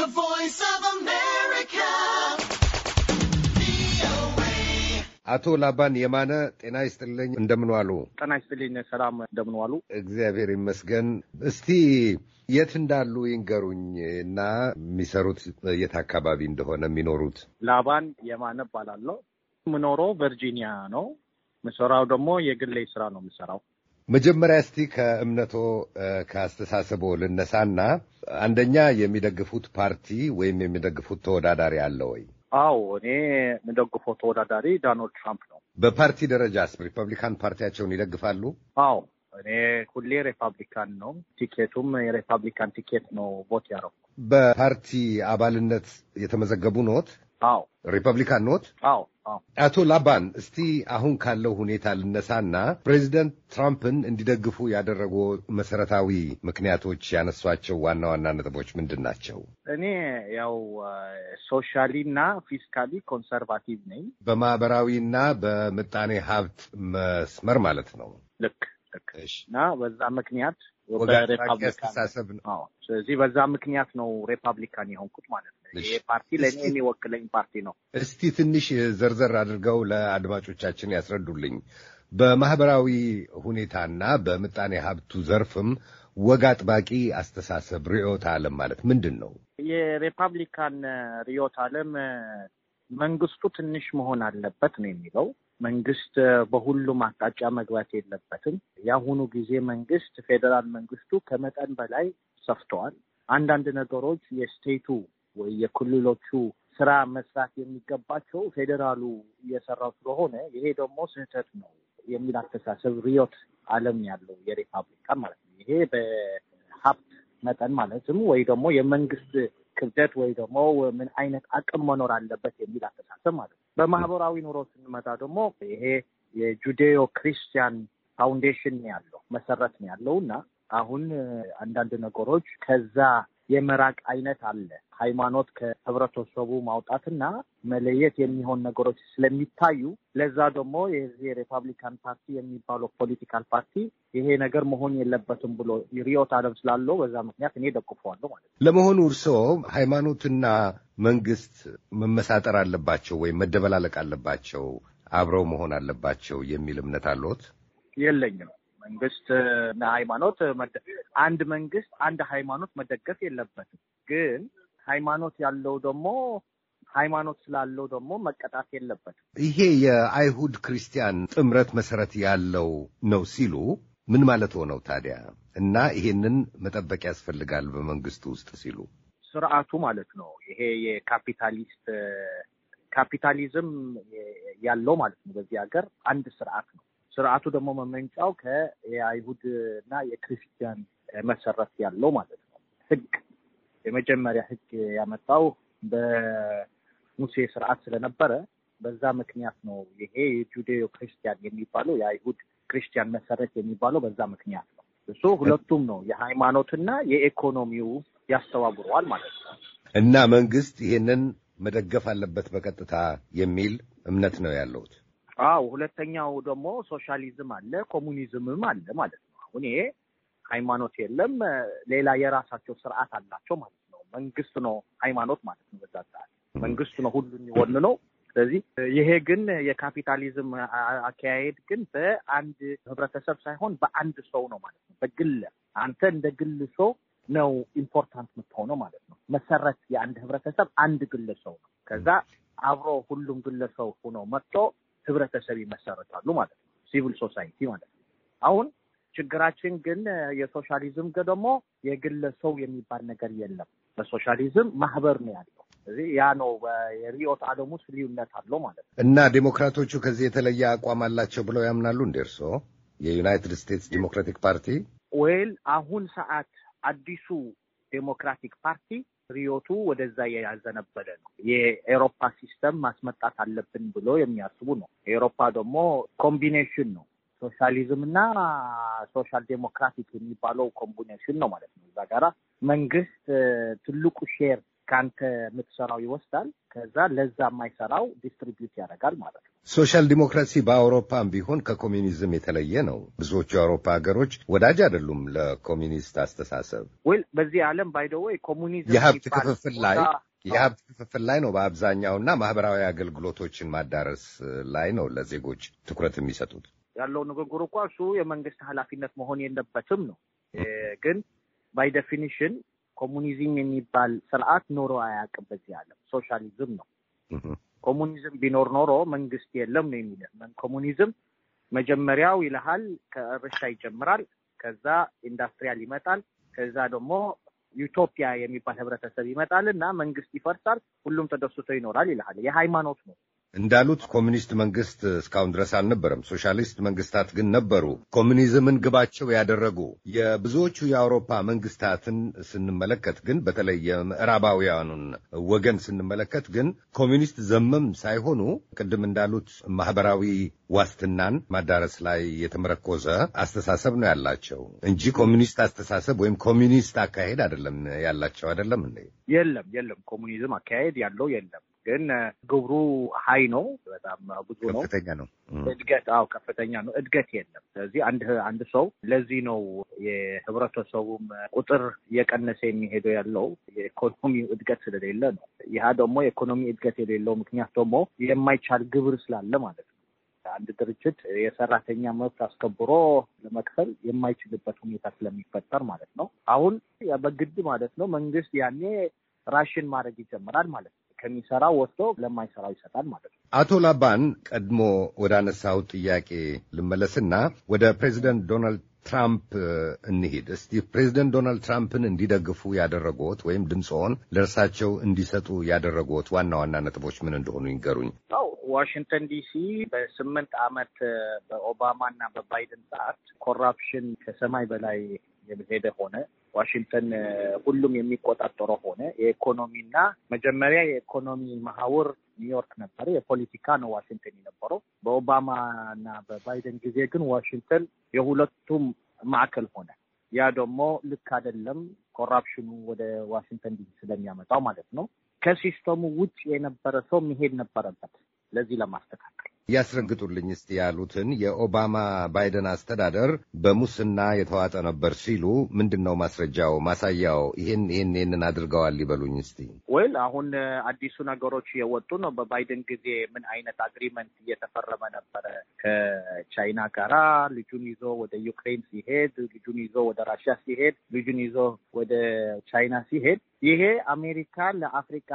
The voice of America. አቶ ላባን የማነ ጤና ይስጥልኝ፣ እንደምን ዋሉ? ጤና ይስጥልኝ፣ ሰላም እንደምን ዋሉ? እግዚአብሔር ይመስገን። እስቲ የት እንዳሉ ይንገሩኝ እና የሚሰሩት የት አካባቢ እንደሆነ የሚኖሩት። ላባን የማነ እባላለሁ። የምኖረው ቨርጂኒያ ነው። ምሰራው ደግሞ የግሌ ስራ ነው የምሰራው መጀመሪያ እስቲ ከእምነቶ ከአስተሳሰቦ ልነሳና አንደኛ የሚደግፉት ፓርቲ ወይም የሚደግፉት ተወዳዳሪ አለ ወይ? አዎ እኔ የምደግፈው ተወዳዳሪ ዶናልድ ትራምፕ ነው። በፓርቲ ደረጃስ ሪፐብሊካን ፓርቲያቸውን ይደግፋሉ? አዎ እኔ ሁሌ ሪፐብሊካን ነው። ቲኬቱም የሪፐብሊካን ቲኬት ነው ቮት ያደረኩ። በፓርቲ አባልነት የተመዘገቡ ኖት? አዎ ሪፐብሊካን ኖት? አዎ። አቶ ላባን እስቲ አሁን ካለው ሁኔታ ልነሳና ፕሬዚደንት ትራምፕን እንዲደግፉ ያደረጉ መሰረታዊ ምክንያቶች ያነሷቸው ዋና ዋና ነጥቦች ምንድን ናቸው? እኔ ያው ሶሻሊ እና ፊስካሊ ኮንሰርቫቲቭ ነኝ። በማህበራዊ እና በምጣኔ ሀብት መስመር ማለት ነው። ልክ ልክ። እና በዛ ምክንያት ሪፐብሊካን ነው። ስለዚህ በዛ ምክንያት ነው ሪፐብሊካን የሆንኩት ማለት ነው። ይሄ ፓርቲ ለእኔ የሚወክለኝ ፓርቲ ነው። እስቲ ትንሽ ዘርዘር አድርገው ለአድማጮቻችን ያስረዱልኝ። በማህበራዊ ሁኔታና በምጣኔ ሀብቱ ዘርፍም ወግ አጥባቂ አስተሳሰብ ርዕዮተ ዓለም ማለት ምንድን ነው? የሪፐብሊካን ርዕዮተ ዓለም መንግስቱ ትንሽ መሆን አለበት ነው የሚለው። መንግስት በሁሉም አቅጣጫ መግባት የለበትም። የአሁኑ ጊዜ መንግስት ፌዴራል መንግስቱ ከመጠን በላይ ሰፍተዋል። አንዳንድ ነገሮች የስቴቱ ወይ የክልሎቹ ስራ መስራት የሚገባቸው ፌዴራሉ እየሰራው ስለሆነ ይሄ ደግሞ ስህተት ነው የሚል አስተሳሰብ ሪዮት አለም ያለው የሪፓብሊካን ማለት ነው። ይሄ በሀብት መጠን ማለትም ወይ ደግሞ የመንግስት ክብደት ወይ ደግሞ ምን አይነት አቅም መኖር አለበት የሚል አስተሳሰብ ማለት ነው። በማህበራዊ ኑሮ ስንመጣ ደግሞ ይሄ የጁዴዮ ክሪስቲያን ፋውንዴሽን ያለው መሰረት ነው ያለው እና አሁን አንዳንድ ነገሮች ከዛ የመራቅ አይነት አለ። ሃይማኖት ከህብረተሰቡ ማውጣትና መለየት የሚሆን ነገሮች ስለሚታዩ ለዛ ደግሞ የዚህ የሪፐብሊካን ፓርቲ የሚባለው ፖለቲካል ፓርቲ ይሄ ነገር መሆን የለበትም ብሎ ሪዮት አለም ስላለው በዛ ምክንያት እኔ ደግፈዋለሁ ማለት ነው። ለመሆኑ እርስዎ ሃይማኖትና መንግስት መመሳጠር አለባቸው ወይም መደበላለቅ አለባቸው፣ አብረው መሆን አለባቸው የሚል እምነት አለዎት? የለኝም። መንግስት እና ሃይማኖት አንድ መንግስት አንድ ሃይማኖት መደገፍ የለበትም። ግን ሃይማኖት ያለው ደግሞ ሃይማኖት ስላለው ደግሞ መቀጣት የለበትም። ይሄ የአይሁድ ክርስቲያን ጥምረት መሰረት ያለው ነው ሲሉ ምን ማለት ሆነው ታዲያ? እና ይሄንን መጠበቅ ያስፈልጋል በመንግስቱ ውስጥ ሲሉ ስርዓቱ ማለት ነው። ይሄ የካፒታሊስት ካፒታሊዝም ያለው ማለት ነው። በዚህ ሀገር አንድ ስርዓት ነው። ስርዓቱ ደግሞ መመንጫው ከአይሁድ እና የክርስቲያን መሰረት ያለው ማለት ነው። ህግ የመጀመሪያ ህግ ያመጣው በሙሴ ስርዓት ስለነበረ በዛ ምክንያት ነው። ይሄ የጁዴዮ ክርስቲያን የሚባለው የአይሁድ ክርስቲያን መሰረት የሚባለው በዛ ምክንያት ነው። እሱ ሁለቱም ነው የሃይማኖትና የኢኮኖሚው ያስተባብረዋል ማለት ነው። እና መንግስት ይህንን መደገፍ አለበት በቀጥታ የሚል እምነት ነው ያለሁት። አዎ ሁለተኛው ደግሞ ሶሻሊዝም አለ፣ ኮሙኒዝምም አለ ማለት ነው። አሁን ይሄ ሃይማኖት የለም፣ ሌላ የራሳቸው ስርዓት አላቸው ማለት ነው። መንግስት ነው ሃይማኖት ማለት ነው። በዛ ሰዓት መንግስት ነው ሁሉን የወን ነው። ስለዚህ ይሄ ግን የካፒታሊዝም አካሄድ ግን በአንድ ህብረተሰብ ሳይሆን በአንድ ሰው ነው ማለት ነው። በግል አንተ እንደ ግል ሰው ነው ኢምፖርታንት የምትሆነው ማለት ነው። መሰረት የአንድ ህብረተሰብ አንድ ግለሰው ነው። ከዛ አብሮ ሁሉም ግለሰብ ሆኖ መጥቶ ህብረተሰብ ይመሰረታሉ ማለት ነው። ሲቪል ሶሳይቲ ማለት ነው። አሁን ችግራችን ግን የሶሻሊዝም ደግሞ የግለሰው የሚባል ነገር የለም። በሶሻሊዝም ማህበር ነው ያለው። ስለዚህ ያ ነው የሪዮት አለም ውስጥ ልዩነት አለው ማለት ነው። እና ዴሞክራቶቹ ከዚህ የተለየ አቋም አላቸው ብለው ያምናሉ? እንደ እርስዎ የዩናይትድ ስቴትስ ዲሞክራቲክ ፓርቲ ወይል አሁን ሰዓት አዲሱ ዴሞክራቲክ ፓርቲ ሪዮቱ ወደዛ ያዘነበለ ነው። የኤሮፓ ሲስተም ማስመጣት አለብን ብሎ የሚያስቡ ነው። ኤሮፓ ደግሞ ኮምቢኔሽን ነው። ሶሻሊዝም እና ሶሻል ዴሞክራቲክ የሚባለው ኮምቢኔሽን ነው ማለት ነው። እዛ ጋራ መንግስት ትልቁ ሼር ከአንተ የምትሰራው ይወስዳል። ከዛ ለዛ የማይሰራው ዲስትሪቢዩት ያደርጋል ማለት ነው። ሶሻል ዲሞክራሲ በአውሮፓም ቢሆን ከኮሚኒዝም የተለየ ነው። ብዙዎቹ የአውሮፓ ሀገሮች ወዳጅ አይደሉም ለኮሚኒስት አስተሳሰብ ወይ በዚህ ዓለም ባይደወይ ኮሚኒዝም የሀብት ክፍፍል ላይ የሀብት ክፍፍል ላይ ነው በአብዛኛው እና ማህበራዊ አገልግሎቶችን ማዳረስ ላይ ነው ለዜጎች ትኩረት የሚሰጡት። ያለው ንግግር እኳ እሱ የመንግስት ኃላፊነት መሆን የለበትም ነው ግን ባይ ዴፊኒሽን ኮሙኒዝም የሚባል ስርዓት ኖሮ አያውቅም በዚህ ዓለም። ሶሻሊዝም ነው። ኮሙኒዝም ቢኖር ኖሮ መንግስት የለም ነው የሚለን። ኮሙኒዝም መጀመሪያው ይልሃል ከእርሻ ይጀምራል፣ ከዛ ኢንዱስትሪያል ይመጣል፣ ከዛ ደግሞ ዩቶፒያ የሚባል ህብረተሰብ ይመጣል እና መንግስት ይፈርሳል፣ ሁሉም ተደስቶ ይኖራል ይልሃል። የሃይማኖት ነው እንዳሉት ኮሚኒስት መንግስት እስካሁን ድረስ አልነበረም። ሶሻሊስት መንግስታት ግን ነበሩ፣ ኮሚኒዝምን ግባቸው ያደረጉ። የብዙዎቹ የአውሮፓ መንግስታትን ስንመለከት ግን በተለይ የምዕራባውያኑን ወገን ስንመለከት ግን ኮሚኒስት ዘመም ሳይሆኑ ቅድም እንዳሉት ማህበራዊ ዋስትናን ማዳረስ ላይ የተመረኮዘ አስተሳሰብ ነው ያላቸው እንጂ ኮሚኒስት አስተሳሰብ ወይም ኮሚኒስት አካሄድ አይደለም ያላቸው አይደለም። የለም የለም፣ ኮሚኒዝም አካሄድ ያለው የለም። ግን ግብሩ ሀይ ነው፣ በጣም ብዙ ነው፣ ከፍተኛ ነው። እድገት አዎ ከፍተኛ ነው፣ እድገት የለም። ስለዚህ አንድ አንድ ሰው ለዚህ ነው የህብረተሰቡም ቁጥር እየቀነሰ የሚሄደው ያለው የኢኮኖሚ እድገት ስለሌለ ነው። ይህ ደግሞ የኢኮኖሚ እድገት የሌለው ምክንያት ደግሞ የማይቻል ግብር ስላለ ማለት ነው። አንድ ድርጅት የሰራተኛ መብት አስከብሮ ለመክፈል የማይችልበት ሁኔታ ስለሚፈጠር ማለት ነው። አሁን በግድ ማለት ነው መንግስት ያኔ ራሽን ማድረግ ይጀምራል ማለት ነው። ከሚሰራ ወጥቶ ለማይሰራው ይሰጣል ማለት ነው። አቶ ላባን ቀድሞ ወደ አነሳው ጥያቄ ልመለስና ወደ ፕሬዚደንት ዶናልድ ትራምፕ እንሂድ እስቲ። ፕሬዚደንት ዶናልድ ትራምፕን እንዲደግፉ ያደረጉት ወይም ድምፅዎን ለእርሳቸው እንዲሰጡ ያደረጉት ዋና ዋና ነጥቦች ምን እንደሆኑ ይንገሩኝ። አው ዋሽንግተን ዲሲ በስምንት ዓመት በኦባማና በባይደን ሰዓት ኮራፕሽን ከሰማይ በላይ የሄደ ሆነ። ዋሽንግተን ሁሉም የሚቆጣጠረው ሆነ። የኢኮኖሚና መጀመሪያ የኢኮኖሚ ማህውር ኒውዮርክ ነበረ። የፖለቲካ ነው ዋሽንግተን የነበረው። በኦባማ ና በባይደን ጊዜ ግን ዋሽንግተን የሁለቱም ማዕከል ሆነ። ያ ደግሞ ልክ አይደለም። ኮራፕሽኑ ወደ ዋሽንግተን ዲሲ ስለሚያመጣው ማለት ነው። ከሲስተሙ ውጭ የነበረ ሰው መሄድ ነበረበት ለዚህ ለማስተካከል ያስረግጡልኝ እስቲ ያሉትን የኦባማ ባይደን አስተዳደር በሙስና የተዋጠ ነበር ሲሉ ምንድን ነው ማስረጃው ማሳያው? ይህን ይህን ይህንን አድርገዋል ይበሉኝ እስቲ። ወይል አሁን አዲሱ ነገሮች የወጡ ነው። በባይደን ጊዜ ምን አይነት አግሪመንት እየተፈረመ ነበረ ከቻይና ጋራ? ልጁን ይዞ ወደ ዩክሬን ሲሄድ፣ ልጁን ይዞ ወደ ራሽያ ሲሄድ፣ ልጁን ይዞ ወደ ቻይና ሲሄድ ይሄ አሜሪካ ለአፍሪካ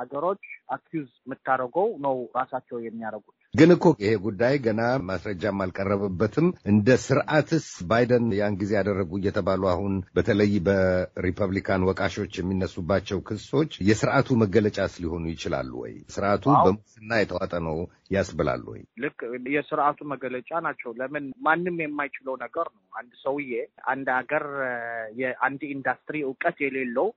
ሀገሮች አኪዝ የምታደርገው ነው ራሳቸው የሚያደርጉት ግን እኮ ይሄ ጉዳይ ገና ማስረጃም አልቀረበበትም። እንደ ስርዓትስ ባይደን ያን ጊዜ ያደረጉ እየተባሉ አሁን በተለይ በሪፐብሊካን ወቃሾች የሚነሱባቸው ክሶች የስርዓቱ መገለጫስ ሊሆኑ ይችላሉ ወይ? ስርዓቱ በሙስና የተዋጠ ነው ያስብላሉ ወይ? ልክ የስርዓቱ መገለጫ ናቸው። ለምን ማንም የማይችለው ነገር ነው። አንድ ሰውዬ አንድ ሀገር የአንድ ኢንዱስትሪ እውቀት የሌለው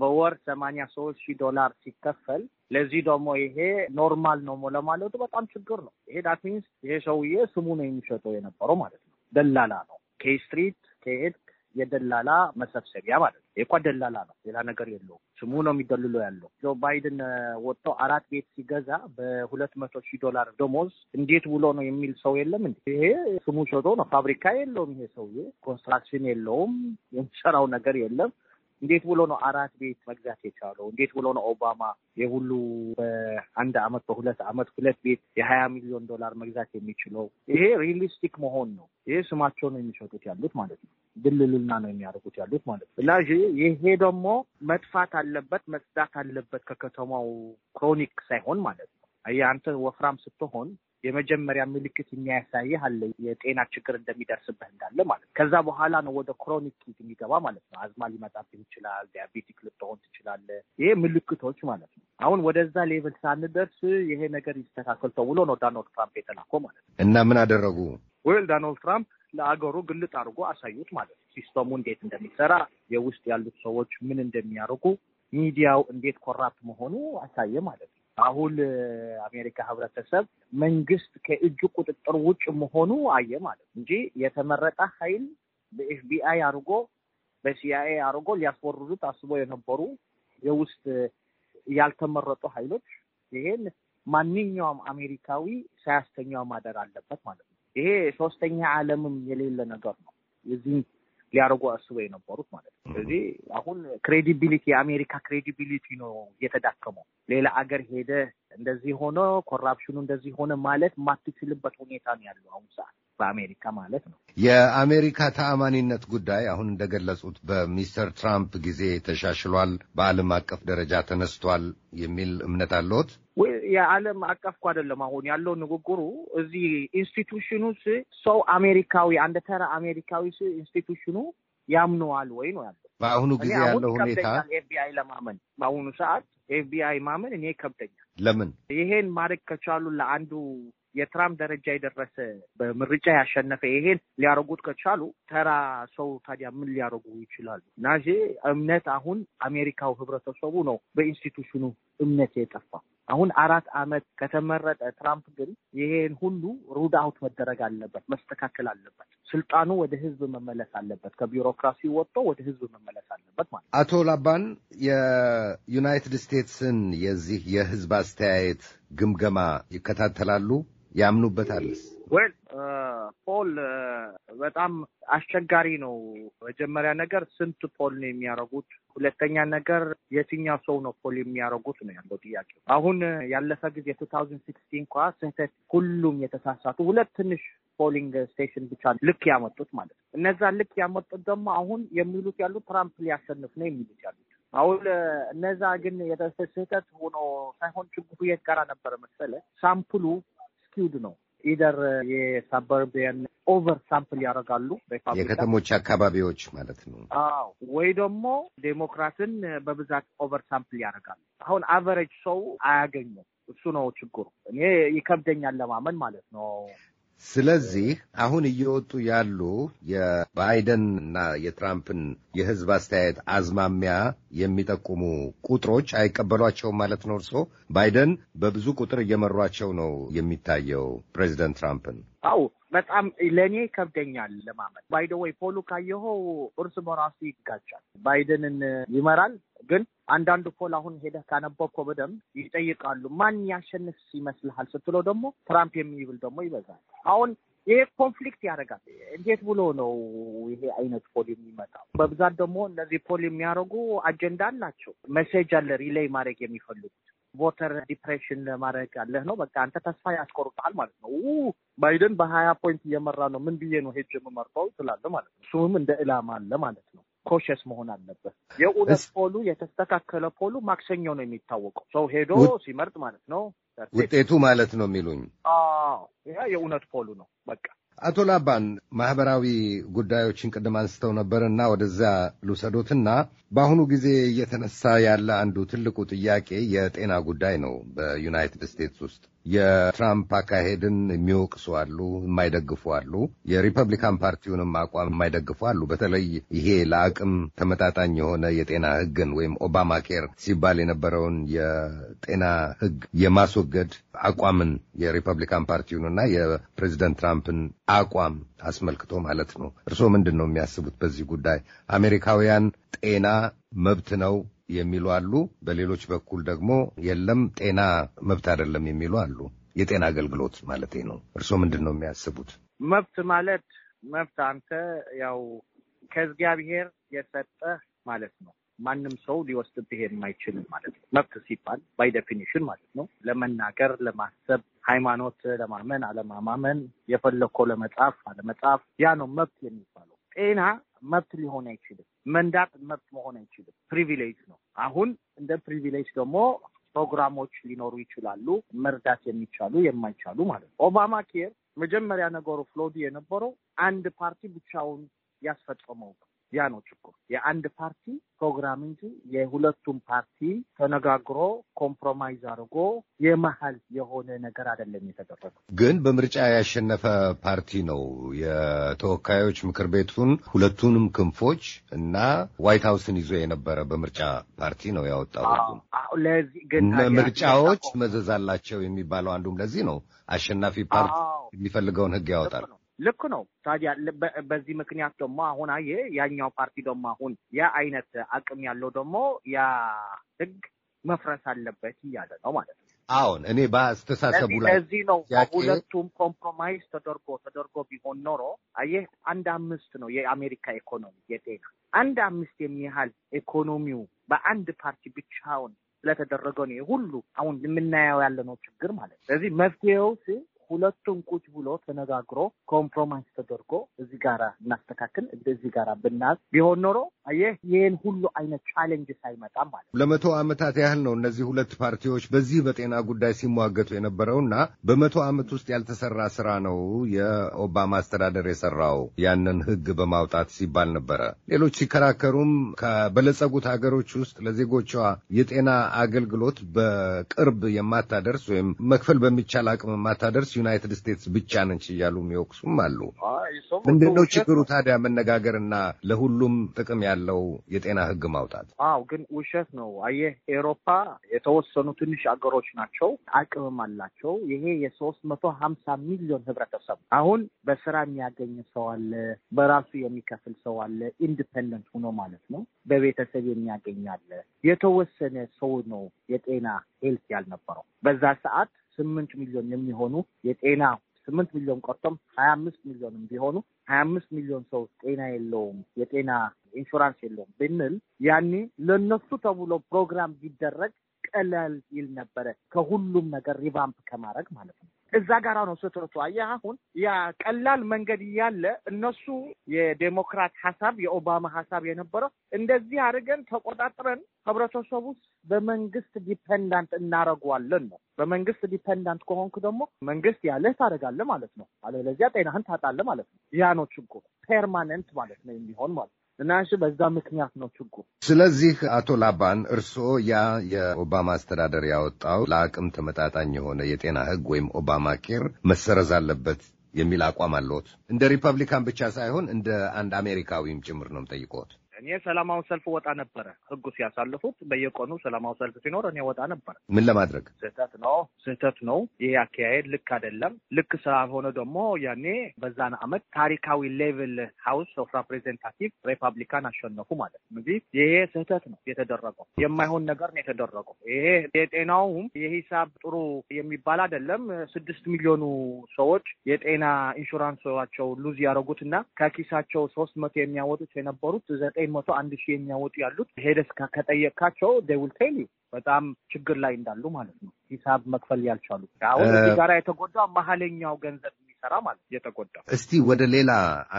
በወር ሰማንያ ሶስት ሺህ ዶላር ሲከፈል ለዚህ ደግሞ ይሄ ኖርማል ነው ለማለቱ በጣም ችግር ነው። ይሄ ዳት ሚንስ ይሄ ሰውዬ ስሙ ነው የሚሸጠው የነበረው ማለት ነው። ደላላ ነው። ኬስትሪት ከሄድክ የደላላ መሰብሰቢያ ማለት ነው። ይኳ ደላላ ነው፣ ሌላ ነገር የለውም። ስሙ ነው የሚደልሎ ያለው። ጆ ባይደን ወጥቶ አራት ቤት ሲገዛ በሁለት መቶ ሺህ ዶላር ደሞዝ እንዴት ውሎ ነው የሚል ሰው የለም። እንዲ ይሄ ስሙ ሸጦ ነው። ፋብሪካ የለውም ይሄ ሰውዬ፣ ኮንስትራክሽን የለውም፣ የሚሰራው ነገር የለም። እንዴት ብሎ ነው አራት ቤት መግዛት የቻለው? እንዴት ብሎ ነው ኦባማ የሁሉ በአንድ አመት በሁለት አመት ሁለት ቤት የሀያ ሚሊዮን ዶላር መግዛት የሚችለው? ይሄ ሪሊስቲክ መሆን ነው። ይሄ ስማቸው ነው የሚሸጡት ያሉት ማለት ነው። ድልልና ነው የሚያደርጉት ያሉት ማለት ነው። እና ይሄ ደግሞ መጥፋት አለበት፣ መጽዳት አለበት ከከተማው ክሮኒክ ሳይሆን ማለት ነው። አየህ አንተ ወፍራም ስትሆን የመጀመሪያ ምልክት የሚያሳይህ አለ የጤና ችግር እንደሚደርስብህ እንዳለ ማለት ከዛ በኋላ ነው ወደ ክሮኒክ የሚገባ ማለት ነው። አዝማ ሊመጣብህ ይችላል። ዲያቤቲክ ልትሆን ትችላለ ይሄ ምልክቶች ማለት ነው። አሁን ወደዛ ሌቭል ሳንደርስ ይሄ ነገር ይስተካከል ተብሎ ነው ዳናልድ ትራምፕ የተላኮ ማለት ነው። እና ምን አደረጉ? ወይል ዳናልድ ትራምፕ ለአገሩ ግልጥ አድርጎ አሳዩት ማለት ነው። ሲስተሙ እንዴት እንደሚሰራ የውስጥ ያሉት ሰዎች ምን እንደሚያደርጉ ሚዲያው እንዴት ኮራፕት መሆኑ አሳየ ማለት ነው። አሁን አሜሪካ ህብረተሰብ መንግስት ከእጁ ቁጥጥር ውጭ መሆኑ አየ ማለት እንጂ የተመረጠ ኃይል በኤፍቢአይ አድርጎ በሲአይኤ አድርጎ ሊያስወርዱት አስቦ የነበሩ የውስጥ ያልተመረጡ ኃይሎች ይሄን ማንኛውም አሜሪካዊ ሳያስተኛው ማደር አለበት ማለት ነው። ይሄ ሶስተኛ ዓለምም የሌለ ነገር ነው። የዚህ ሊያደርጉ አስበው የነበሩት ማለት ነው። ስለዚህ አሁን ክሬዲቢሊቲ የአሜሪካ ክሬዲቢሊቲ ነው እየተዳከመው። ሌላ አገር ሄደ እንደዚህ ሆነ ኮራፕሽኑ እንደዚህ ሆነ ማለት ማትችልበት ሁኔታ ነው ያለው አሁን ሰዓት በአሜሪካ ማለት ነው። የአሜሪካ ተአማኒነት ጉዳይ አሁን እንደገለጹት በሚስተር ትራምፕ ጊዜ ተሻሽሏል፣ በዓለም አቀፍ ደረጃ ተነስቷል የሚል እምነት አለዎት? የዓለም አቀፍ እኮ አይደለም። አሁን ያለው ንግግሩ እዚህ ኢንስቲቱሽኑ ሰው አሜሪካዊ አንድ ተራ አሜሪካዊ ኢንስቲቱሽኑ ያምነዋል ወይ ነው ያለው። በአሁኑ ጊዜ ያለው ሁኔታ ኤፍቢአይ ለማመን በአሁኑ ሰዓት ኤፍቢአይ ማመን እኔ ከብደኛል። ለምን ይሄን ማድረግ ከቻሉ ለአንዱ የትራምፕ ደረጃ የደረሰ በምርጫ ያሸነፈ ይሄን ሊያደርጉት ከቻሉ ተራ ሰው ታዲያ ምን ሊያደርጉ ይችላሉ? እና እምነት አሁን አሜሪካው ህብረተሰቡ ነው በኢንስቲቱሽኑ እምነት የጠፋ አሁን አራት አመት ከተመረጠ ትራምፕ ግን ይሄን ሁሉ ሩድ አውት መደረግ አለበት፣ መስተካከል አለበት። ስልጣኑ ወደ ህዝብ መመለስ አለበት። ከቢሮክራሲ ወጥቶ ወደ ህዝብ መመለስ አለበት ማለት አቶ ላባን የዩናይትድ ስቴትስን የዚህ የህዝብ አስተያየት ግምገማ ይከታተላሉ? ያምኑበታልስ? ወል በጣም አስቸጋሪ ነው። መጀመሪያ ነገር ስንት ፖል ነው የሚያደርጉት? ሁለተኛ ነገር የትኛው ሰው ነው ፖል የሚያደርጉት ነው ያለው ጥያቄ። አሁን ያለፈ ጊዜ ቱ ታውዝንድ ሲክስቲን እንኳ ስህተት ሁሉም የተሳሳቱ ሁለት ትንሽ ፖሊንግ ስቴሽን ብቻ ልክ ያመጡት ማለት ነው። እነዛ ልክ ያመጡት ደግሞ አሁን የሚሉት ያሉት ትራምፕ ሊያሸንፍ ነው የሚሉት ያሉት አሁን እነዛ ግን ስህተት ሆኖ ሳይሆን ችግሩ የት ጋራ ነበረ መሰለ ሳምፕሉ ስኪውድ ነው ኢደር የሳበርቢያን ኦቨር ሳምፕል ያደርጋሉ የከተሞች አካባቢዎች ማለት ነው። አዎ ወይ ደግሞ ዴሞክራትን በብዛት ኦቨር ሳምፕል ያደርጋሉ። አሁን አቨሬጅ ሰው አያገኘም። እሱ ነው ችግሩ። እኔ ይከብደኛል ለማመን ማለት ነው። ስለዚህ አሁን እየወጡ ያሉ የባይደን እና የትራምፕን የህዝብ አስተያየት አዝማሚያ የሚጠቁሙ ቁጥሮች አይቀበሏቸውም ማለት ነው። እርስዎ ባይደን በብዙ ቁጥር እየመሯቸው ነው የሚታየው ፕሬዚደንት ትራምፕን። አዎ በጣም ለእኔ ይከብደኛል ለማመን ባይደ ወይ ፖሉ ካየኸው እርስ በራሱ ይጋጫል። ባይደንን ይመራል፣ ግን አንዳንዱ ፖል አሁን ሄደህ ካነበብከው በደንብ ይጠይቃሉ። ማን ያሸንፍ ይመስልሃል ስትለው ደግሞ ትራምፕ የሚብል ደግሞ ይበዛል። አሁን ይሄ ኮንፍሊክት ያደርጋል። እንዴት ብሎ ነው ይሄ አይነት ፖል የሚመጣው? በብዛት ደግሞ እነዚህ ፖል የሚያደርጉ አጀንዳ አላቸው። መሴጅ አለ ሪሌይ ማድረግ የሚፈልጉት ቮተር ዲፕሬሽን ማድረግ አለህ ነው። በቃ አንተ ተስፋ ያስቆርጣል ማለት ነው። ባይደን በሀያ ፖይንት እየመራ ነው ምን ብዬ ነው ሄጅ የምመርጠው ትላለህ ማለት ነው። እሱም እንደ ዕላማ አለ ማለት ነው። ኮሸስ መሆን አለበት። የእውነት ፖሉ የተስተካከለ ፖሉ ማክሰኞ ነው የሚታወቀው። ሰው ሄዶ ሲመርጥ ማለት ነው ውጤቱ ማለት ነው የሚሉኝ። ያ የእውነት ፖሉ ነው በቃ። አቶ ላባን ማህበራዊ ጉዳዮችን ቅድም አንስተው ነበርና ወደዚያ ልውሰዶትና በአሁኑ ጊዜ እየተነሳ ያለ አንዱ ትልቁ ጥያቄ የጤና ጉዳይ ነው በዩናይትድ ስቴትስ ውስጥ የትራምፕ አካሄድን የሚወቅሱ አሉ፣ የማይደግፉ አሉ። የሪፐብሊካን ፓርቲውንም አቋም የማይደግፉ አሉ። በተለይ ይሄ ለአቅም ተመጣጣኝ የሆነ የጤና ሕግን ወይም ኦባማ ኬር ሲባል የነበረውን የጤና ሕግ የማስወገድ አቋምን የሪፐብሊካን ፓርቲውንና የፕሬዚደንት ትራምፕን አቋም አስመልክቶ ማለት ነው። እርስዎ ምንድን ነው የሚያስቡት በዚህ ጉዳይ? አሜሪካውያን ጤና መብት ነው የሚሉ አሉ። በሌሎች በኩል ደግሞ የለም ጤና መብት አይደለም የሚሉ አሉ። የጤና አገልግሎት ማለት ነው። እርስዎ ምንድን ነው የሚያስቡት? መብት ማለት መብት አንተ ያው ከእግዚአብሔር የሰጠ ማለት ነው። ማንም ሰው ሊወስድብህ የማይችል ማለት ነው። መብት ሲባል ባይ ዴፊኒሽን ማለት ነው ለመናገር፣ ለማሰብ፣ ሃይማኖት ለማመን አለማማመን፣ የፈለኮ ለመጻፍ አለመጻፍ፣ ያ ነው መብት የሚባለው። ጤና መብት ሊሆን አይችልም። መንዳት መብት መሆን አይችልም። ፕሪቪሌጅ ነው። አሁን እንደ ፕሪቪሌጅ ደግሞ ፕሮግራሞች ሊኖሩ ይችላሉ፣ መርዳት የሚቻሉ የማይቻሉ ማለት ነው። ኦባማ ኬር መጀመሪያ ነገሩ ፍሎዲ የነበረው አንድ ፓርቲ ብቻውን ያስፈጸመው ያ ነው ችግሩ። የአንድ ፓርቲ ፕሮግራም እንጂ የሁለቱም ፓርቲ ተነጋግሮ ኮምፕሮማይዝ አድርጎ የመሀል የሆነ ነገር አይደለም የተደረገ። ግን በምርጫ ያሸነፈ ፓርቲ ነው የተወካዮች ምክር ቤቱን ሁለቱንም ክንፎች እና ዋይት ሀውስን ይዞ የነበረ በምርጫ ፓርቲ ነው ያወጣው። ምርጫዎች መዘዝ አላቸው የሚባለው አንዱም ለዚህ ነው። አሸናፊ ፓርቲ የሚፈልገውን ህግ ያወጣል። ልክ ነው። ታዲያ በዚህ ምክንያት ደግሞ አሁን አየ ያኛው ፓርቲ ደግሞ አሁን ያ አይነት አቅም ያለው ደግሞ ያ ህግ መፍረስ አለበት እያለ ነው ማለት ነው። አሁን እኔ በአስተሳሰቡ ላይ እዚህ ነው ሁለቱም ኮምፕሮማይዝ ተደርጎ ተደርጎ ቢሆን ኖሮ አየ አንድ አምስት ነው የአሜሪካ ኢኮኖሚ የጤና አንድ አምስት የሚያህል ኢኮኖሚው በአንድ ፓርቲ ብቻውን ስለተደረገ ነው ሁሉ አሁን የምናየው ያለነው ችግር ማለት ነው። ስለዚህ መፍትሄው ሁለቱም ቁጭ ብሎ ተነጋግሮ ኮምፕሮማይዝ ተደርጎ እዚህ ጋራ እናስተካክል እዚህ ጋራ ብናዝ ቢሆን ኖሮ ይህ ይህን ሁሉ አይነት ቻሌንጅ ሳይመጣም ማለት ለመቶ ዓመታት ያህል ነው እነዚህ ሁለት ፓርቲዎች በዚህ በጤና ጉዳይ ሲሟገቱ እና በመቶ ዓመት ውስጥ ያልተሰራ ስራ ነው የኦባማ አስተዳደር የሰራው ያንን ህግ በማውጣት ሲባል ነበረ። ሌሎች ሲከራከሩም ከበለጸጉት ሀገሮች ውስጥ ለዜጎቿ የጤና አገልግሎት በቅርብ የማታደርስ ወይም መክፈል በሚቻል አቅም የማታደርስ ዩናይትድ ስቴትስ ብቻ ነች እያሉ የሚወቅሱም አሉ። ምንድን ነው ችግሩ ታዲያ? መነጋገርና ለሁሉም ጥቅም ያለው የጤና ህግ ማውጣት። አዎ፣ ግን ውሸት ነው። አየህ፣ ኤሮፓ የተወሰኑ ትንሽ አገሮች ናቸው፣ አቅምም አላቸው። ይሄ የሶስት መቶ ሀምሳ ሚሊዮን ህብረተሰብ አሁን በስራ የሚያገኝ ሰው አለ፣ በራሱ የሚከፍል ሰው አለ፣ ኢንዲፐንደንት ሆኖ ማለት ነው። በቤተሰብ የሚያገኝ አለ። የተወሰነ ሰው ነው የጤና ሄልት ያልነበረው በዛ ሰዓት ስምንት ሚሊዮን የሚሆኑ የጤና ስምንት ሚሊዮን ቆርጦም ሀያ አምስት ሚሊዮንም ቢሆኑ ሀያ አምስት ሚሊዮን ሰው ጤና የለውም የጤና ኢንሹራንስ የለውም ብንል ያኔ ለነሱ ተብሎ ፕሮግራም ቢደረግ ቀለል ይል ነበረ። ከሁሉም ነገር ሪቫምፕ ከማድረግ ማለት ነው። እዛ ጋራ ነው ስትርቱ። አየህ አሁን ያ ቀላል መንገድ እያለ እነሱ የዴሞክራት ሀሳብ የኦባማ ሀሳብ የነበረው እንደዚህ አድርገን ተቆጣጥረን ህብረተሰቡ በመንግስት ዲፐንዳንት እናደርገዋለን ነው። በመንግስት ዲፐንዳንት ከሆንክ ደግሞ መንግስት ያለህ ታደርጋለህ ማለት ነው። አለበለዚያ ጤናህን ታጣለህ ማለት ነው። ያ ነው ችግሩ። ፐርማነንት ማለት ነው የሚሆን ማለት ነው። እና እሺ በዛ ምክንያት ነው ችግሩ። ስለዚህ አቶ ላባን እርስዎ ያ የኦባማ አስተዳደር ያወጣው ለአቅም ተመጣጣኝ የሆነ የጤና ህግ ወይም ኦባማ ኬር መሰረዝ አለበት የሚል አቋም አለዎት? እንደ ሪፐብሊካን ብቻ ሳይሆን እንደ አንድ አሜሪካዊም ጭምር ነው የምጠይቅዎት። እኔ ሰላማዊ ሰልፍ ወጣ ነበረ። ህጉ ሲያሳልፉት በየቀኑ ሰላማዊ ሰልፍ ሲኖር እኔ ወጣ ነበረ። ምን ለማድረግ? ስህተት ነው፣ ስህተት ነው። ይሄ አካሄድ ልክ አይደለም። ልክ ስላልሆነ ደግሞ ያኔ በዛን አመት ታሪካዊ ሌቭል ሀውስ ኦፍ ሪፕሬዘንታቲቭ ሪፐብሊካን አሸነፉ ማለት ነው። እዚህ ይሄ ስህተት ነው የተደረገው፣ የማይሆን ነገር ነው የተደረገው። ይሄ የጤናውም የሂሳብ ጥሩ የሚባል አይደለም። ስድስት ሚሊዮኑ ሰዎች የጤና ኢንሹራንሳቸው ሉዝ ያደረጉት እና ከኪሳቸው ሶስት መቶ የሚያወጡት የነበሩት ዘጠኝ ዘጠኝ መቶ አንድ ሺህ የሚያወጡ ያሉት ሄደስ ከጠየቅካቸው ዴውል ቴል በጣም ችግር ላይ እንዳሉ ማለት ነው። ሂሳብ መክፈል ያልቻሉ አሁን እዚህ ጋራ የተጎዳ መሀለኛው ገንዘብ የሚሰራ ማለት የተጎዳ። እስቲ ወደ ሌላ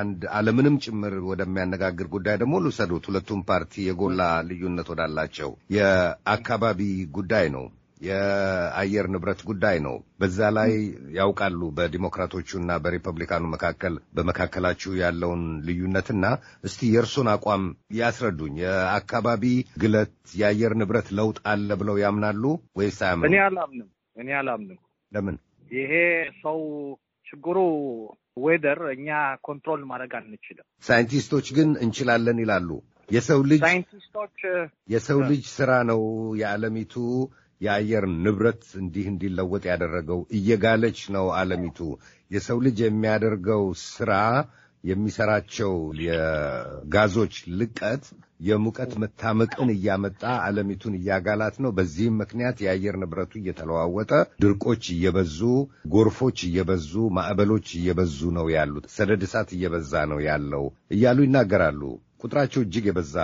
አንድ ዓለምንም ጭምር ወደሚያነጋግር ጉዳይ ደግሞ ልውሰዱት። ሁለቱም ፓርቲ የጎላ ልዩነት ወዳላቸው የአካባቢ ጉዳይ ነው። የአየር ንብረት ጉዳይ ነው። በዛ ላይ ያውቃሉ በዲሞክራቶቹና በሪፐብሊካኑ መካከል በመካከላችሁ ያለውን ልዩነትና እስቲ የእርሱን አቋም ያስረዱኝ። የአካባቢ ግለት፣ የአየር ንብረት ለውጥ አለ ብለው ያምናሉ ወይስ አያምኑ? እኔ አላምንም። እኔ አላምንም። ለምን? ይሄ ሰው ችግሩ ዌደር እኛ ኮንትሮል ማድረግ አንችልም። ሳይንቲስቶች ግን እንችላለን ይላሉ። የሰው ልጅ የሰው ልጅ ስራ ነው የዓለሚቱ የአየር ንብረት እንዲህ እንዲለወጥ ያደረገው እየጋለች ነው ዓለሚቱ። የሰው ልጅ የሚያደርገው ስራ የሚሰራቸው የጋዞች ልቀት የሙቀት መታመቅን እያመጣ ዓለሚቱን እያጋላት ነው። በዚህም ምክንያት የአየር ንብረቱ እየተለዋወጠ ድርቆች እየበዙ፣ ጎርፎች እየበዙ፣ ማዕበሎች እየበዙ ነው ያሉት። ሰደድ እሳት እየበዛ ነው ያለው እያሉ ይናገራሉ። ቁጥራቸው እጅግ የበዛ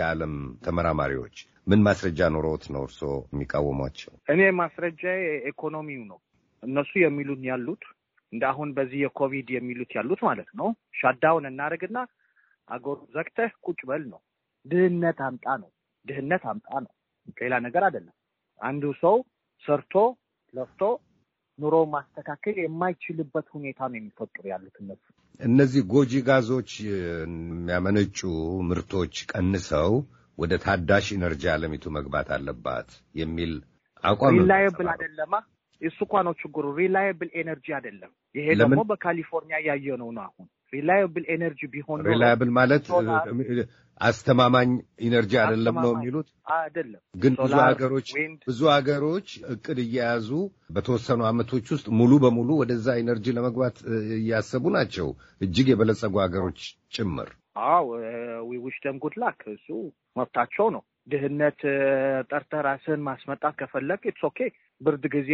የዓለም ተመራማሪዎች ምን ማስረጃ ኖሮት ነው እርስዎ የሚቃወሟቸው? እኔ ማስረጃ ኢኮኖሚው ነው። እነሱ የሚሉን ያሉት እንደ አሁን በዚህ የኮቪድ የሚሉት ያሉት ማለት ነው ሻዳውን እናደርግና አገሩ ዘግተህ ቁጭ በል ነው። ድህነት አምጣ ነው። ድህነት አምጣ ነው። ሌላ ነገር አይደለም። አንዱ ሰው ሰርቶ ለፍቶ ኑሮ ማስተካከል የማይችልበት ሁኔታ ነው የሚፈጥሩ ያሉት እነሱ። እነዚህ ጎጂ ጋዞች የሚያመነጩ ምርቶች ቀንሰው ወደ ታዳሽ ኢነርጂ አለሚቱ መግባት አለባት የሚል አቋም ሪላየብል አደለማ። እሱ እኳ ነው ችግሩ። ሪላየብል ኤነርጂ አይደለም። ይሄ ደግሞ በካሊፎርኒያ ያየ ነው ነው አሁን ሪላየብል ኤነርጂ ቢሆን ሪላየብል ማለት አስተማማኝ ኢነርጂ አደለም ነው የሚሉት። አደለም። ግን ብዙ ሀገሮች ብዙ ሀገሮች እቅድ እየያዙ በተወሰኑ ዓመቶች ውስጥ ሙሉ በሙሉ ወደዛ ኢነርጂ ለመግባት እያሰቡ ናቸው፣ እጅግ የበለጸጉ ሀገሮች ጭምር። አዎ ዊውሽ ደም ላክ እሱ መብታቸው ነው። ድህነት ጠርተህ ራስህን ማስመጣት ከፈለግ ኢትስ ኦኬ። ብርድ ጊዜ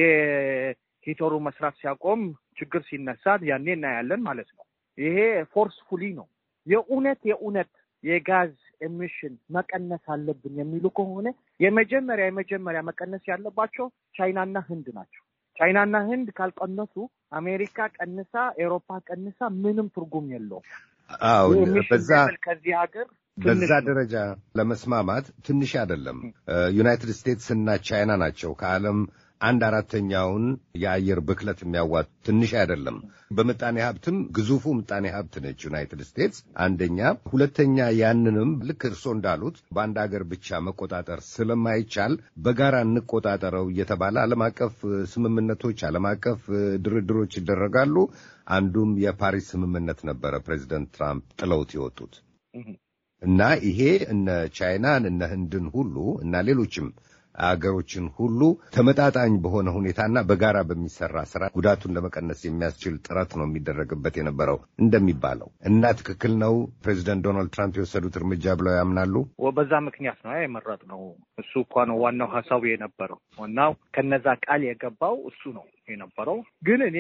ሂተሩ መስራት ሲያቆም ችግር ሲነሳ ያኔ እናያለን ማለት ነው። ይሄ ፎርስፉሊ ነው። የእውነት የእውነት የጋዝ ኤሚሽን መቀነስ አለብን የሚሉ ከሆነ የመጀመሪያ የመጀመሪያ መቀነስ ያለባቸው ቻይናና ህንድ ናቸው። ቻይናና ህንድ ካልቀነሱ አሜሪካ ቀንሳ፣ ኤሮፓ ቀንሳ ምንም ትርጉም የለውም። በዛ ከዚህ ሀገር በዛ ደረጃ ለመስማማት ትንሽ አይደለም። ዩናይትድ ስቴትስ እና ቻይና ናቸው ከዓለም አንድ አራተኛውን የአየር ብክለት የሚያዋት ትንሽ አይደለም። በምጣኔ ሀብትም ግዙፉ ምጣኔ ሀብት ነች ዩናይትድ ስቴትስ አንደኛ። ሁለተኛ ያንንም ልክ እርስዎ እንዳሉት በአንድ አገር ብቻ መቆጣጠር ስለማይቻል በጋራ እንቆጣጠረው እየተባለ ዓለም አቀፍ ስምምነቶች፣ ዓለም አቀፍ ድርድሮች ይደረጋሉ። አንዱም የፓሪስ ስምምነት ነበረ ፕሬዚደንት ትራምፕ ጥለውት የወጡት እና ይሄ እነ ቻይናን እነ ህንድን ሁሉ እና ሌሎችም አገሮችን ሁሉ ተመጣጣኝ በሆነ ሁኔታና በጋራ በሚሰራ ስራ ጉዳቱን ለመቀነስ የሚያስችል ጥረት ነው የሚደረግበት የነበረው እንደሚባለው እና ትክክል ነው። ፕሬዚደንት ዶናልድ ትራምፕ የወሰዱት እርምጃ ብለው ያምናሉ። በዛ ምክንያት ነው የመረጥ ነው። እሱ እኳ ነው ዋናው ሀሳቡ የነበረው። ዋናው ከነዛ ቃል የገባው እሱ ነው የነበረው። ግን እኔ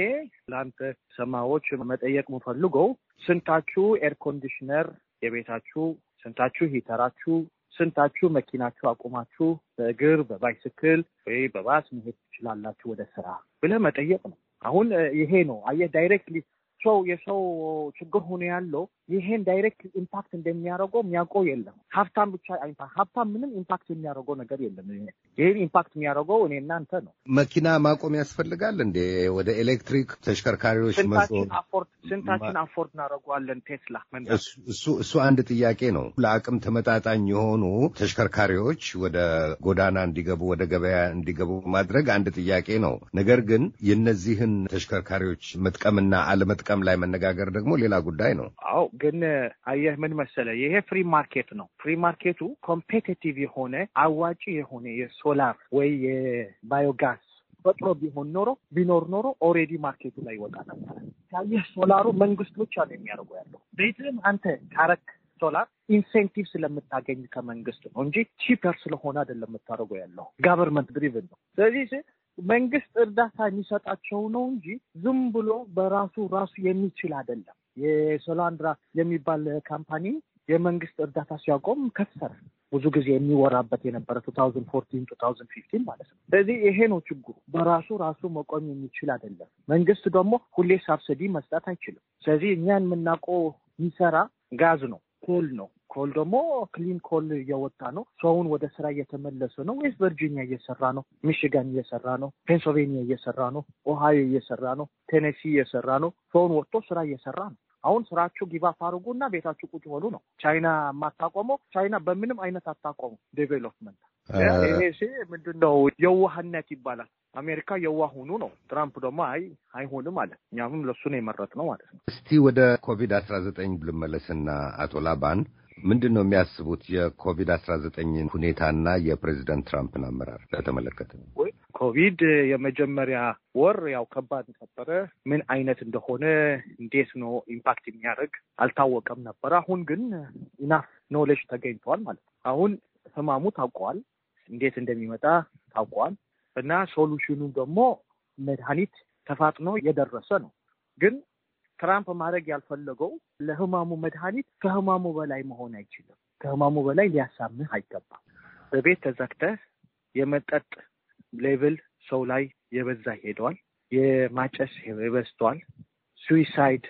ለአንተ ሰማዎች መጠየቅ የምፈልገው ስንታችሁ ኤር ኮንዲሽነር የቤታችሁ ስንታችሁ ሂተራችሁ ስንታችሁ መኪናችሁ አቁማችሁ በእግር በባይስክል ወይ በባስ መሄድ ትችላላችሁ ወደ ስራ ብለህ መጠየቅ ነው። አሁን ይሄ ነው አየህ ዳይሬክትሊ ሰው የሰው ችግር ሆኖ ያለው ይሄን ዳይሬክት ኢምፓክት እንደሚያደርገው የሚያውቀው የለም። ሀብታም ብቻ ሀብታም ምንም ኢምፓክት የሚያደርገው ነገር የለም። ይሄን ኢምፓክት የሚያደርገው እኔ እናንተ ነው። መኪና ማቆም ያስፈልጋል እንዴ? ወደ ኤሌክትሪክ ተሽከርካሪዎች ስንታችን አፎርድ እናደርገዋለን? ቴስላ እሱ አንድ ጥያቄ ነው። ለአቅም ተመጣጣኝ የሆኑ ተሽከርካሪዎች ወደ ጎዳና እንዲገቡ፣ ወደ ገበያ እንዲገቡ ማድረግ አንድ ጥያቄ ነው። ነገር ግን የነዚህን ተሽከርካሪዎች መጥቀምና አለመጥቀም መጠቀም ላይ መነጋገር ደግሞ ሌላ ጉዳይ ነው። አዎ ግን አየህ ምን መሰለ ይሄ ፍሪ ማርኬት ነው። ፍሪ ማርኬቱ ኮምፔቲቲቭ የሆነ አዋጭ የሆነ የሶላር ወይ የባዮጋስ ፈጥሮ ቢሆን ኖሮ ቢኖር ኖሮ ኦሬዲ ማርኬቱ ላይ ይወጣ ነበረ። ካየህ ሶላሩ መንግስት ብቻ ነው የሚያደርጉ ያለው ቤትም አንተ ካረክ ሶላር ኢንሴንቲቭ ስለምታገኝ ከመንግስት ነው እንጂ ቺፐር ስለሆነ አይደለም የምታደርገው ያለው ጋቨርንመንት ድሪቭን ነው። ስለዚህ መንግስት እርዳታ የሚሰጣቸው ነው እንጂ ዝም ብሎ በራሱ ራሱ የሚችል አይደለም። የሶላንድራ የሚባል ካምፓኒ የመንግስት እርዳታ ሲያቆም ከሰረ። ብዙ ጊዜ የሚወራበት የነበረ ቱ ታውዝንድ ፎርቲን ቱ ታውዝንድ ፊፍቲን ማለት ነው። ስለዚህ ይሄ ነው ችግሩ። በራሱ ራሱ መቆም የሚችል አይደለም። መንግስት ደግሞ ሁሌ ሳብሲዲ መስጠት አይችልም። ስለዚህ እኛ የምናውቀው የሚሰራ ጋዝ ነው፣ ኮል ነው፣ ኮል ደግሞ ክሊን ኮል እየወጣ ነው። ሰውን ወደ ስራ እየተመለሰ ነው። ዌስት ቨርጂኒያ እየሰራ ነው። ሚሽጋን እየሰራ ነው። ፔንሲልቬኒያ እየሰራ ነው። ኦሃዮ እየሰራ ነው። ቴኔሲ እየሰራ ነው። ሰውን ወጥቶ ስራ እየሰራ ነው። አሁን ስራችሁ ጊቫፍ አድርጉ እና ቤታችሁ ቁጭ በሉ ነው። ቻይና የማታቆመው ቻይና በምንም አይነት አታቆሙ ዴቨሎፕመንት። ይሄ ምንድን ነው የዋህነት ይባላል። አሜሪካ የዋ ሁኑ ነው። ትራምፕ ደግሞ አይ አይሆንም አለ። እኛም ለሱ ነው የመረጥ ነው ማለት ነው። እስቲ ወደ ኮቪድ አስራ ዘጠኝ ብልመለስና አቶ ላባን ምንድን ነው የሚያስቡት የኮቪድ-19 ሁኔታና የፕሬዚደንት ትራምፕን አመራር በተመለከተ? ኮቪድ የመጀመሪያ ወር ያው ከባድ ነበረ። ምን አይነት እንደሆነ እንዴት ነው ኢምፓክት የሚያደርግ አልታወቀም ነበረ። አሁን ግን ኢናፍ ኖሌጅ ተገኝተዋል ማለት ነው። አሁን ህማሙ ታውቋል፣ እንዴት እንደሚመጣ ታውቋል። እና ሶሉሽኑ ደግሞ መድኃኒት ተፋጥኖ የደረሰ ነው ግን ትራምፕ ማድረግ ያልፈለገው ለህማሙ መድኃኒት ከህማሙ በላይ መሆን አይችልም። ከህማሙ በላይ ሊያሳምህ አይገባም። በቤት ተዘግተህ የመጠጥ ሌቭል ሰው ላይ የበዛ ሄደዋል። የማጨስ በዝቷል። ሱዊሳይድ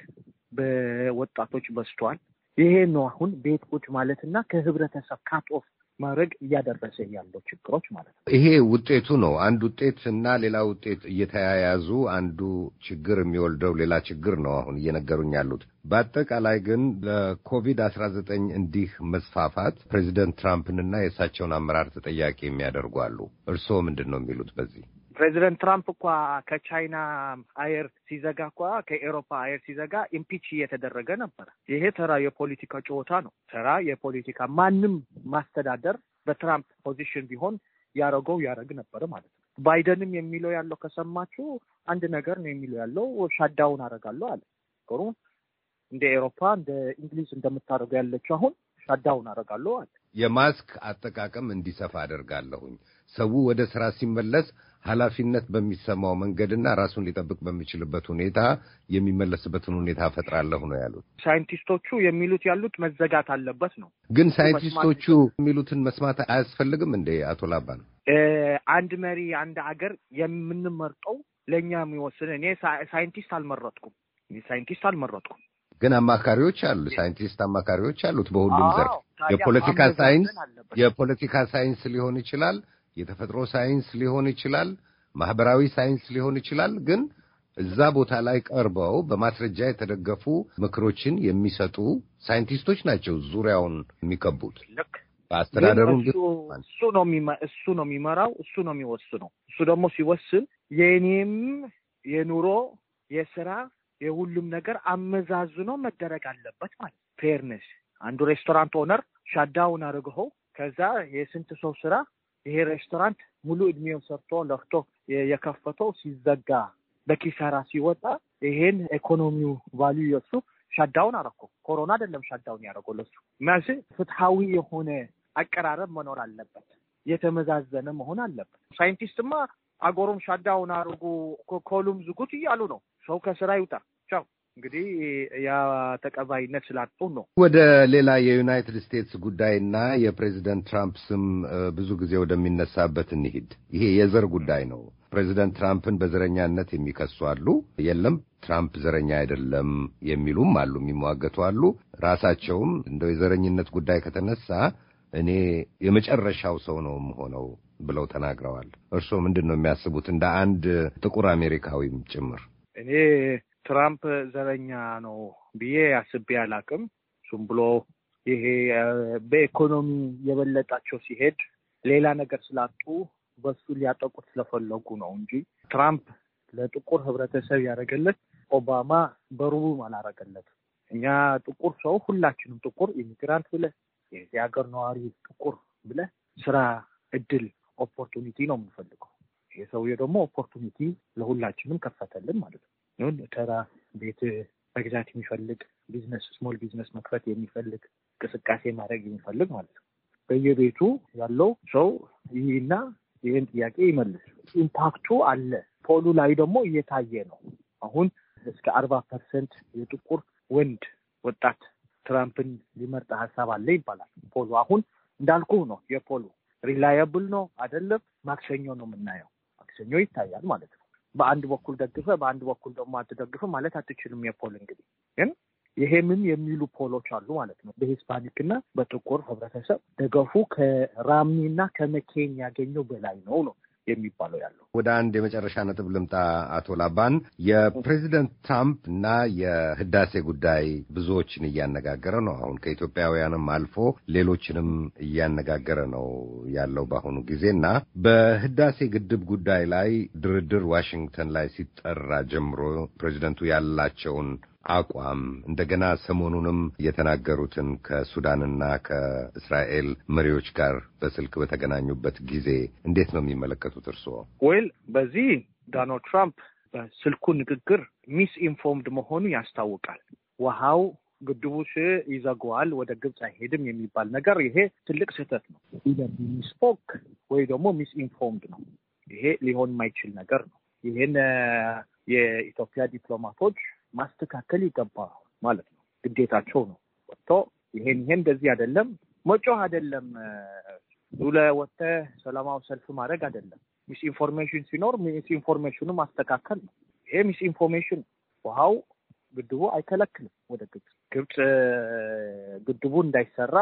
በወጣቶች በዝቷል። ይሄ ነው አሁን ቤት ቁጭ ማለትና ከህብረተሰብ ካት ኦፍ ማድረግ እያደረሰ ያለው ችግሮች ማለት ነው። ይሄ ውጤቱ ነው። አንድ ውጤት እና ሌላ ውጤት እየተያያዙ አንዱ ችግር የሚወልደው ሌላ ችግር ነው። አሁን እየነገሩኝ ያሉት በአጠቃላይ ግን ለኮቪድ አስራ ዘጠኝ እንዲህ መስፋፋት ፕሬዚደንት ትራምፕንና የእሳቸውን አመራር ተጠያቂ የሚያደርጉ አሉ። እርስዎ ምንድን ነው የሚሉት በዚህ? ፕሬዚደንት ትራምፕ እኳ ከቻይና አየር ሲዘጋ እኳ ከኤሮፓ አየር ሲዘጋ ኢምፒች እየተደረገ ነበረ። ይሄ ተራ የፖለቲካ ጨዋታ ነው። ተራ የፖለቲካ ማንም ማስተዳደር በትራምፕ ፖዚሽን ቢሆን ያረገው ያደረግ ነበር ማለት ነው። ባይደንም የሚለው ያለው ከሰማችሁ አንድ ነገር ነው የሚለው ያለው ሻዳውን አረጋለሁ አለ። ጥሩ እንደ ኤሮፓ እንደ እንግሊዝ እንደምታደርገው ያለችው አሁን ሻዳውን አረጋለሁ አለ። የማስክ አጠቃቀም እንዲሰፋ አደርጋለሁኝ። ሰው ወደ ስራ ሲመለስ ኃላፊነት በሚሰማው መንገድና ራሱን ሊጠብቅ በሚችልበት ሁኔታ የሚመለስበትን ሁኔታ ፈጥራለሁ ነው ያሉት። ሳይንቲስቶቹ የሚሉት ያሉት መዘጋት አለበት ነው። ግን ሳይንቲስቶቹ የሚሉትን መስማት አያስፈልግም እንዴ? አቶ ላባ ነው አንድ መሪ አንድ አገር የምንመርጠው ለእኛ የሚወስን እኔ ሳይንቲስት አልመረጥኩም፣ ሳይንቲስት አልመረጥኩም። ግን አማካሪዎች አሉ፣ ሳይንቲስት አማካሪዎች አሉት በሁሉም ዘርፍ የፖለቲካ ሳይንስ የፖለቲካ ሳይንስ ሊሆን ይችላል የተፈጥሮ ሳይንስ ሊሆን ይችላል፣ ማህበራዊ ሳይንስ ሊሆን ይችላል። ግን እዛ ቦታ ላይ ቀርበው በማስረጃ የተደገፉ ምክሮችን የሚሰጡ ሳይንቲስቶች ናቸው ዙሪያውን የሚከቡት። በአስተዳደሩ እሱ ነው እሱ ነው የሚመራው፣ እሱ ነው የሚወስነው። እሱ ደግሞ ሲወስን የእኔም የኑሮ የስራ የሁሉም ነገር አመዛዝኖ መደረግ አለበት ማለት ፌርነስ። አንዱ ሬስቶራንት ኦነር ሻዳውን አድርገው ከዛ የስንት ሰው ስራ ይሄ ሬስቶራንት ሙሉ እድሜው ሰርቶ ለፍቶ የከፈተው ሲዘጋ በኪሳራ ሲወጣ ይሄን ኢኮኖሚው ቫሉ የሱ ሻዳውን አረኮ ኮሮና አይደለም ሻዳውን ያደረገው ለሱ መስ ፍትሐዊ የሆነ አቀራረብ መኖር አለበት። የተመዛዘነ መሆን አለበት። ሳይንቲስትማ አገሩም ሻዳውን አርጉ ኮሉም ዝጉት እያሉ ነው። ሰው ከስራ ይውጣ እንግዲህ ያ ተቀባይነት ስላጡ ነው። ወደ ሌላ የዩናይትድ ስቴትስ ጉዳይና የፕሬዚደንት ትራምፕ ስም ብዙ ጊዜ ወደሚነሳበት እንሂድ። ይሄ የዘር ጉዳይ ነው። ፕሬዚደንት ትራምፕን በዘረኛነት የሚከሱ አሉ። የለም ትራምፕ ዘረኛ አይደለም የሚሉም አሉ፣ የሚሟገቱ አሉ። ራሳቸውም እንደው የዘረኝነት ጉዳይ ከተነሳ እኔ የመጨረሻው ሰው ነው የምሆነው ብለው ተናግረዋል። እርስዎ ምንድን ነው የሚያስቡት እንደ አንድ ጥቁር አሜሪካዊም ጭምር? እኔ ትራምፕ ዘረኛ ነው ብዬ አስቤ አላቅም። ሱም ብሎ ይሄ በኢኮኖሚ የበለጣቸው ሲሄድ ሌላ ነገር ስላጡ በሱ ሊያጠቁት ስለፈለጉ ነው እንጂ ትራምፕ ለጥቁር ህብረተሰብ ያደረገለት ኦባማ በሩቡም አላረገለት። እኛ ጥቁር ሰው ሁላችንም ጥቁር ኢሚግራንት ብለ የዚህ ሀገር ነዋሪ ጥቁር ብለ ስራ እድል ኦፖርቱኒቲ ነው የምንፈልገው። ይህ ሰውዬ ደግሞ ኦፖርቱኒቲ ለሁላችንም ከፈተልን ማለት ነው። ተራ ቤት መግዛት የሚፈልግ ቢዝነስ ስሞል ቢዝነስ መክፈት የሚፈልግ እንቅስቃሴ ማድረግ የሚፈልግ ማለት ነው። በየቤቱ ያለው ሰው ይህና ይህን ጥያቄ ይመልስ። ኢምፓክቱ አለ። ፖሉ ላይ ደግሞ እየታየ ነው። አሁን እስከ አርባ ፐርሰንት የጥቁር ወንድ ወጣት ትራምፕን ሊመርጥ ሀሳብ አለ ይባላል። ፖሉ አሁን እንዳልኩ ነው። የፖሉ ሪላያብል ነው አይደለም። ማክሰኞ ነው የምናየው። ማክሰኞ ይታያል ማለት ነው። በአንድ በኩል ደግፈ በአንድ በኩል ደግሞ አትደግፈ ማለት አትችልም። የፖል እንግዲህ ግን ይሄንን የሚሉ ፖሎች አሉ ማለት ነው። በሂስፓኒክ እና በጥቁር ህብረተሰብ ደገፉ ከራምኒ እና ከመኬን ያገኘው በላይ ነው ነው የሚባለው ያለው። ወደ አንድ የመጨረሻ ነጥብ ልምጣ። አቶ ላባን የፕሬዚደንት ትራምፕ እና የህዳሴ ጉዳይ ብዙዎችን እያነጋገረ ነው። አሁን ከኢትዮጵያውያንም አልፎ ሌሎችንም እያነጋገረ ነው ያለው በአሁኑ ጊዜ እና በህዳሴ ግድብ ጉዳይ ላይ ድርድር ዋሽንግተን ላይ ሲጠራ ጀምሮ ፕሬዚደንቱ ያላቸውን አቋም እንደገና ሰሞኑንም የተናገሩትን ከሱዳንና ከእስራኤል መሪዎች ጋር በስልክ በተገናኙበት ጊዜ እንዴት ነው የሚመለከቱት እርስዎ? ወይል በዚህ ዶናልድ ትራምፕ በስልኩ ንግግር ሚስ ኢንፎርምድ መሆኑ ያስታውቃል። ውሃው ግድቡ ይዘጋዋል፣ ወደ ግብፅ አይሄድም የሚባል ነገር ይሄ ትልቅ ስህተት ነው። ሚስፖክ ወይ ደግሞ ሚስ ኢንፎርምድ ነው። ይሄ ሊሆን የማይችል ነገር ነው። ይህን የኢትዮጵያ ዲፕሎማቶች ማስተካከል ይገባ ማለት ነው። ግዴታቸው ነው። ወጥቶ ይሄን ይሄን እንደዚህ አይደለም መጮህ አይደለም ዱለ ወጥተ ሰላማዊ ሰልፍ ማድረግ አይደለም። ሚስ ኢንፎርሜሽን ሲኖር ሚስ ኢንፎርሜሽኑ ማስተካከል ነው። ይሄ ሚስ ኢንፎርሜሽን ውሃው ግድቡ አይከለክልም። ወደ ግብፅ ግብፅ ግድቡ እንዳይሰራ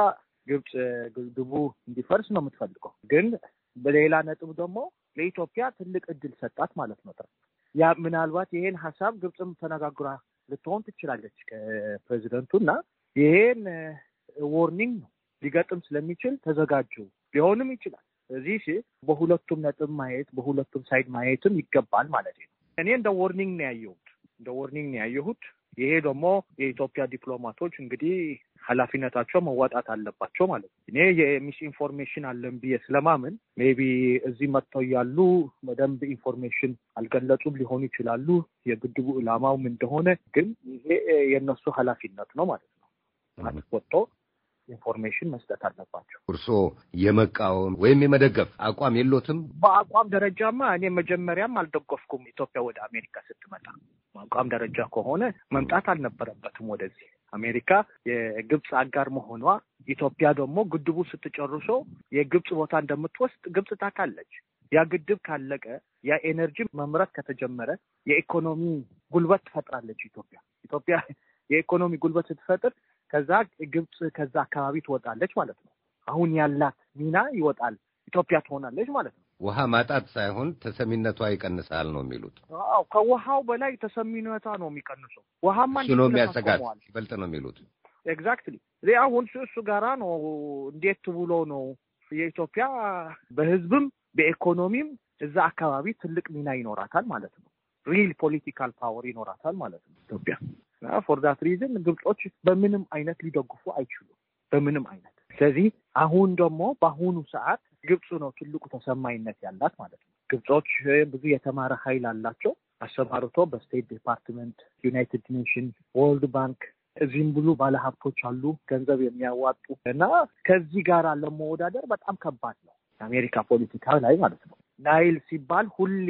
ግብፅ ግድቡ እንዲፈርስ ነው የምትፈልገው። ግን በሌላ ነጥብ ደግሞ ለኢትዮጵያ ትልቅ እድል ሰጣት ማለት ነው። ያ ምናልባት ይሄን ሀሳብ ግብፅም ተነጋግሯ ልትሆን ትችላለች ከፕሬዚደንቱ እና ይሄን ዎርኒንግ ነው ሊገጥም ስለሚችል ተዘጋጁ ሊሆንም ይችላል። እዚህ በሁለቱም ነጥብ ማየት በሁለቱም ሳይድ ማየትም ይገባል ማለት ነው። እኔ እንደ ዎርኒንግ ነው ያየሁት፣ እንደ ዎርኒንግ ነው ያየሁት። ይሄ ደግሞ የኢትዮጵያ ዲፕሎማቶች እንግዲህ ኃላፊነታቸው መዋጣት አለባቸው ማለት ነው። እኔ የሚስ ኢንፎርሜሽን አለን ብዬ ስለማምን ሜቢ እዚህ መጥተው ያሉ በደንብ ኢንፎርሜሽን አልገለጹም ሊሆኑ ይችላሉ። የግድቡ ዕላማውም እንደሆነ ግን ይሄ የእነሱ ኃላፊነት ነው ማለት ነው። ወጥቶ ኢንፎርሜሽን መስጠት አለባቸው። እርስዎ የመቃወም ወይም የመደገፍ አቋም የሎትም? በአቋም ደረጃማ እኔ መጀመሪያም አልደገፍኩም። ኢትዮጵያ ወደ አሜሪካ ስትመጣ በአቋም ደረጃ ከሆነ መምጣት አልነበረበትም ወደዚህ አሜሪካ የግብፅ አጋር መሆኗ ኢትዮጵያ ደግሞ ግድቡ ስትጨርሶ የግብፅ ቦታ እንደምትወስድ ግብፅ ታውቃለች። ያ ግድብ ካለቀ ያ ኤነርጂ መምረት ከተጀመረ የኢኮኖሚ ጉልበት ትፈጥራለች ኢትዮጵያ። ኢትዮጵያ የኢኮኖሚ ጉልበት ስትፈጥር ከዛ ግብፅ ከዛ አካባቢ ትወጣለች ማለት ነው። አሁን ያላት ሚና ይወጣል፣ ኢትዮጵያ ትሆናለች ማለት ነው። ውሃ ማጣት ሳይሆን ተሰሚነቷ ይቀንሳል ነው የሚሉት። አዎ ከውሃው በላይ ተሰሚነቷ ነው የሚቀንሰው። ውሃማ እሱ ነው የሚያሰጋት፣ ይበልጥ ነው የሚሉት። ኤግዛክትሊ አሁን እሱ ጋራ ነው። እንዴት ብሎ ነው የኢትዮጵያ በህዝብም በኢኮኖሚም እዛ አካባቢ ትልቅ ሚና ይኖራታል ማለት ነው። ሪል ፖለቲካል ፓወር ይኖራታል ማለት ነው ኢትዮጵያ። ፎር ሪዝን ግብጾች በምንም አይነት ሊደግፉ አይችሉም፣ በምንም አይነት። ስለዚህ አሁን ደግሞ በአሁኑ ሰዓት ግብፁ ነው ትልቁ ተሰማኝነት ያላት ማለት ነው። ግብጾች ብዙ የተማረ ኃይል አላቸው አሰማርቶ በስቴት ዲፓርትመንት፣ ዩናይትድ ኔሽን፣ ወርልድ ባንክ እዚህም ብሉ ባለሀብቶች አሉ ገንዘብ የሚያዋጡ እና ከዚህ ጋር ለመወዳደር በጣም ከባድ ነው የአሜሪካ ፖለቲካ ላይ ማለት ነው። ናይል ሲባል ሁሌ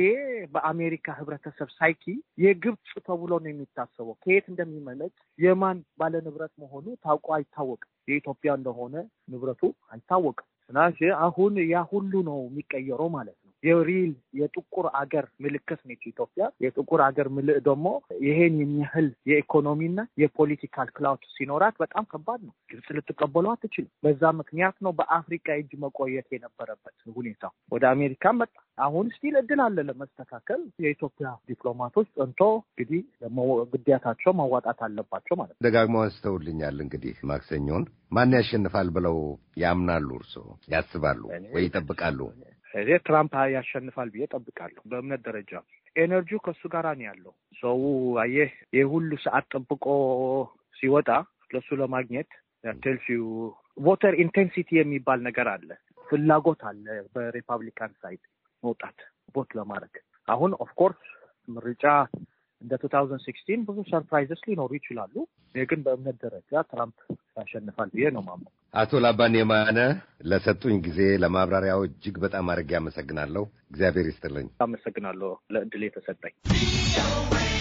በአሜሪካ ህብረተሰብ ሳይኪ የግብፅ ተብሎ ነው የሚታሰበው። ከየት እንደሚመለጭ የማን ባለ ንብረት መሆኑ ታውቆ አይታወቅም። የኢትዮጵያ እንደሆነ ንብረቱ አይታወቅም። ስላሽ አሁን ያ ሁሉ ነው የሚቀየረው ማለት ነው። የሪል የጥቁር አገር ምልክት ነች ኢትዮጵያ። የጥቁር አገር ምልእ ደግሞ ይሄን የሚያህል የኢኮኖሚና የፖለቲካል ክላውት ሲኖራት በጣም ከባድ ነው። ግብጽ ልትቀበሉ አትችልም። በዛ ምክንያት ነው በአፍሪካ እጅ መቆየት የነበረበት ሁኔታ። ወደ አሜሪካን መጣ። አሁን ስቲል እድል አለ ለመስተካከል። የኢትዮጵያ ዲፕሎማቶች ጸንቶ እንግዲህ ግዴታቸው ማዋጣት አለባቸው ማለት ነው። ደጋግሞ አንስተውልኛል። እንግዲህ ማክሰኞን ማን ያሸንፋል ብለው ያምናሉ? እርስዎ ያስባሉ ወይ ይጠብቃሉ? ስለዚህ ትራምፕ ያሸንፋል ብዬ ጠብቃለሁ። በእምነት ደረጃ ኤነርጂው ከሱ ጋር ነው ያለው። ሰው አየህ የሁሉ ሰዓት ጠብቆ ሲወጣ ለሱ ለማግኘት ቴልሲዩ ቮተር ኢንቴንሲቲ የሚባል ነገር አለ። ፍላጎት አለ በሪፐብሊካን ሳይድ መውጣት ቦት ለማድረግ አሁን ኦፍኮርስ ምርጫ እንደ ቱ ታውዘንድ ብዙ ሰርፕራይዘስ ሊኖሩ ይችላሉ። ግን በእምነት ደረጃ ትራምፕ ያሸንፋል ብዬ ነው ማምነው። አቶ ላባን የማነ ለሰጡኝ ጊዜ ለማብራሪያው እጅግ በጣም አድርጌ አመሰግናለሁ። እግዚአብሔር ይስጥልኝ። አመሰግናለሁ ለእድል የተሰጠኝ